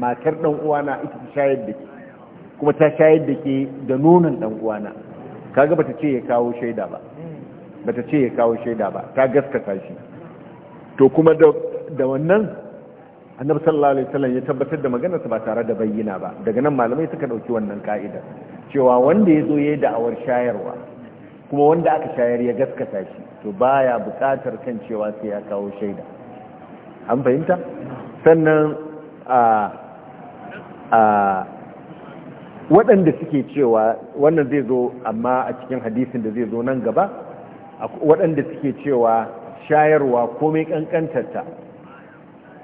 matar ɗan'uwana ita ta shayar da ke kuma ta shayar da ke da nonon dan uwana kaga bata ce ya kawo shaida ba bata ce ya kawo shaida ba ta gaskata shi to kuma da wannan annabi sallallahu alaihi wasallam ya tabbatar da maganarsa ba tare da bayyana ba daga nan malamai suka dauki wannan ka'ida cewa wanda ya zo yayin da'awar shayarwa kuma wanda aka shayar ya gaskata shi to baya buƙatar kan cewa sai ya kawo shaida an fahimta sannan a a waɗanda suke cewa wannan zai zo amma a cikin hadisin da zai zo nan gaba waɗanda suke cewa shayarwa komai ƙanƙantarta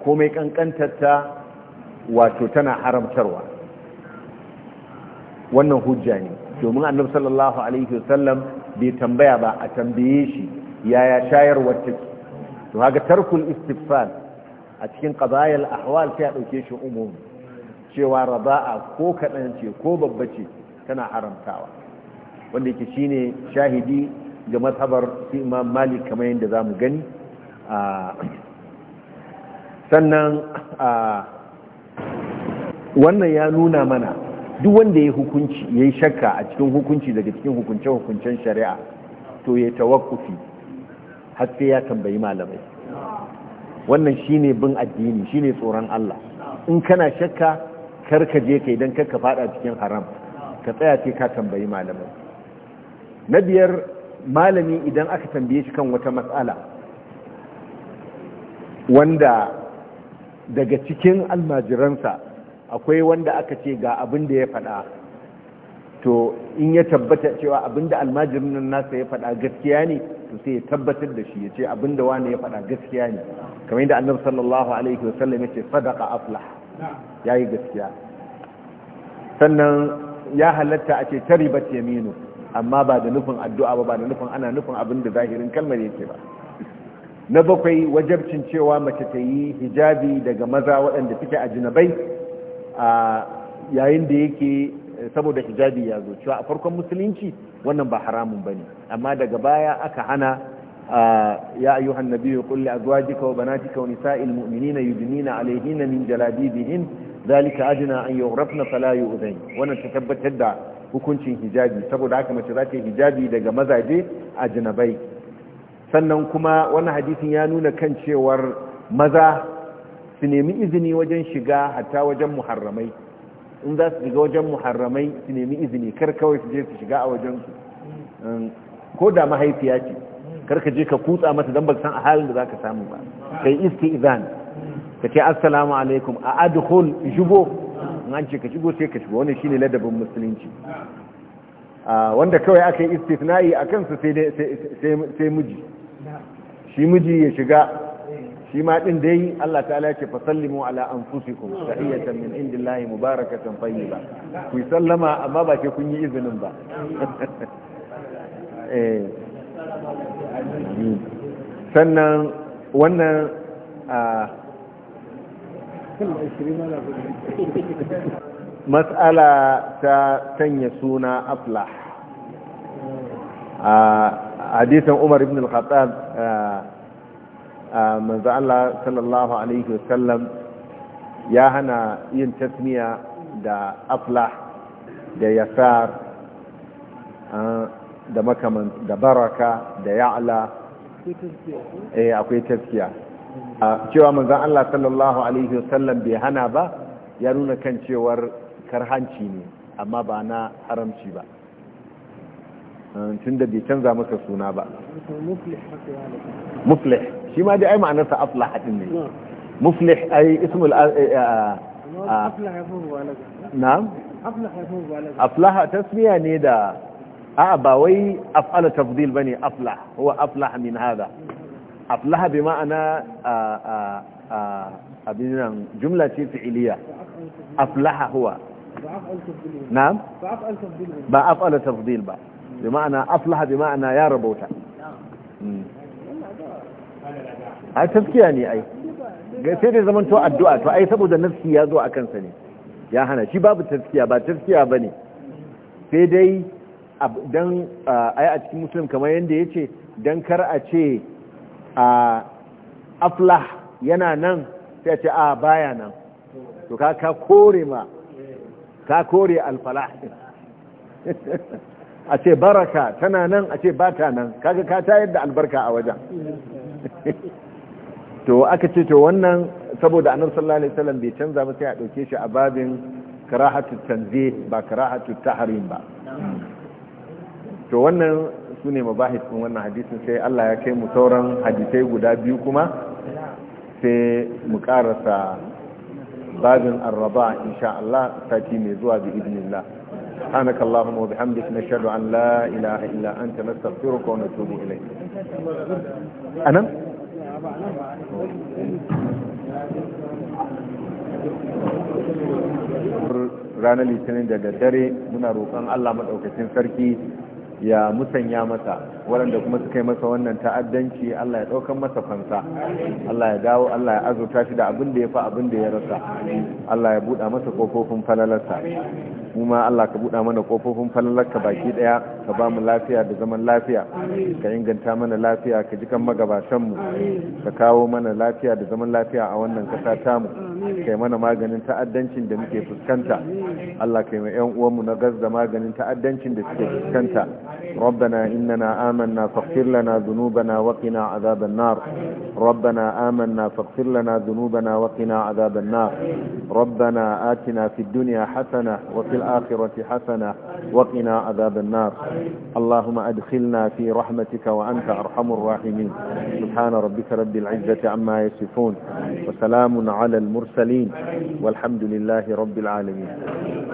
komai ƙanƙantarta wato tana haramtarwa wannan hujja ne domin annabi sallallahu alaihi wasallam bai tambaya ba a tambaye shi yaya shayarwar take to haka tarkul istifsal a cikin ƙazayar ahwal sai a ɗauke shi umum cewa raba'a ko kaɗan ce ko babba ce tana haramtawa wanda yake ne shahidi ga mazhabar Imam Malik kamar yadda za mu gani sannan wannan ya nuna mana duk wanda ya hukunci ya yi shakka a cikin hukunci daga cikin hukunce-hukuncen shari'a to ya tawakufi har sai ya tambayi malamai wannan shine bin addini shine tsoron Allah in kana shakka kar ka je kai dan karka fada cikin haram ka tsaya ce ka tambayi malamai na biyar malami idan aka tambaye shi kan wata matsala wanda daga cikin almajiransa akwai wanda aka ce ga abin da ya faɗa to in ya tabbata cewa abin da almajirin nasa ya faɗa gaskiya ne to sai ya tabbatar da shi ya ce abinda wani ya faɗa gaskiya ne kamar yadda annabi sallallahu alaihi sallam yace sadaqa aflah yayi gaskiya sannan ya halatta a ce taribat yaminu amma ba da nufin addu'a ba ba da nufin ana nufin abinda zahirin kalmar yake ba na bakwai wajabcin cewa mace ta yi hijabi daga maza waɗanda suke jinabai a yayin da yake saboda hijabi ya zo cewa a farkon musulunci wannan ba haramun bane amma daga baya aka hana ya ayyuhan kulle qul li azwajika wa banatika wa nisa'il mu'minina yudnina alayhinna min jalabibihin zalika ajna an yughrafna fala yu'zain wannan ta tabbatar da hukuncin hijabi saboda haka mace za ta yi hijabi daga mazaje a jinabai sannan kuma wannan hadisin ya nuna kan cewar maza su nemi izini wajen shiga hatta wajen muharramai in za su shiga wajen muharramai su nemi izini kar kawai su je su shiga a wajen su mm. ko da mahaifiya ce kar ka je ka kutsa mata don ba san a halin da za ka samu ba kai izan ka ce assalamu alaikum a adhul jubo in an ce ka shigo sai ka shigo wannan shine ladabin musulunci wanda kawai aka yi istisna'i akan su sai sai miji shi miji ya shiga shi ma ɗin dai Allah ta'ala yake fa sallimu ala anfusikum Mubaraka min indillahi mubarakatan ba, ku sallama amma ba ke kun yi izinin ba eh. sannan wannan matsala ta sanya suna Afla, a hadisan umar ibn al-khattab manzo Allah sallallahu alaihi wasallam ya hana yin tasmiya da aflah da yasar da makaman da baraka da ya'la eh akwai taskiya cewa manzo Allah sallallahu alaihi wasallam bai hana ba ya nuna kan cewar karhanci ne amma ba na haramci ba Eh, tun da bai canza masa suna ba muflih shi ma dai ai ma'anarsa aflah din ne muflih ai ismul na'am aflah tasmiya ne da a'a ba wai af'ala tafdil bane aflah huwa aflah min hada aflah bi ma'ana abin nan jumla ce fi'iliya aflaha huwa na'am ba af'ala tafdil ba bi ma'ana aflaha bi ma'ana ya rabauta hmm. ai taskiya ne ai sai dai zaman to addu'a to ai saboda nafsi ya zo a kansa ne ya hana shi babu taskiya ba taskiya ba ne sai dai ai a cikin musulun kamar yadda ya ce dan kar a ce a aflah yana nan sai a ce a baya nan to ka kore ma ka kore alfalah a ce baraka tana nan a ce ba ta nan kaga ka tayar da albarka a wajen to aka ce to wannan saboda annabi sallallahu alaihi wasallam bai canza ba sai a dauke shi a babin karahatu tanzih ba karahatu tahrim ba to wannan sune mabahis din wannan hadisin sai Allah ya kai mu sauran hadisai guda biyu kuma sai mu karasa babin arraba insha Allah sati mai zuwa bi idnillah سبحانك اللهم وبحمدك نشهد أن لا إله إلا أنت نستغفرك ونتوب إليك أنا ranar litinin da daddare muna roƙon Allah maɗaukacin sarki ya musanya masa waɗanda kuma suka yi masa wannan ta'addanci Allah ya ɗaukan masa fansa Allah ya dawo Allah ya azurta shi da abin da ya fa abin da ya rasa Allah ya buɗa masa kofofin falalarsa mu ma Allah ka buɗa mana ƙofofin falalarka baki ɗaya ka ba mu lafiya da zaman lafiya ka inganta mana lafiya ka ji kan magabatanmu ka kawo mana lafiya da zaman lafiya a wannan ƙasa tamu kai mana maganin ta'addancin da muke fuskanta Allah kai mai ƴan uwanmu na gazda maganin ta'addancin da suke fuskanta ربنا إننا آمنا فاغفر لنا ذنوبنا وقنا عذاب النار ربنا آمنا فاغفر لنا ذنوبنا وقنا عذاب النار ربنا آتنا في الدنيا حسنة وفي الآخرة حسنة وقنا عذاب النار اللهم أدخلنا في رحمتك وأنت أرحم الراحمين سبحان ربك رب العزة عما يصفون وسلام على المرسلين والحمد لله رب العالمين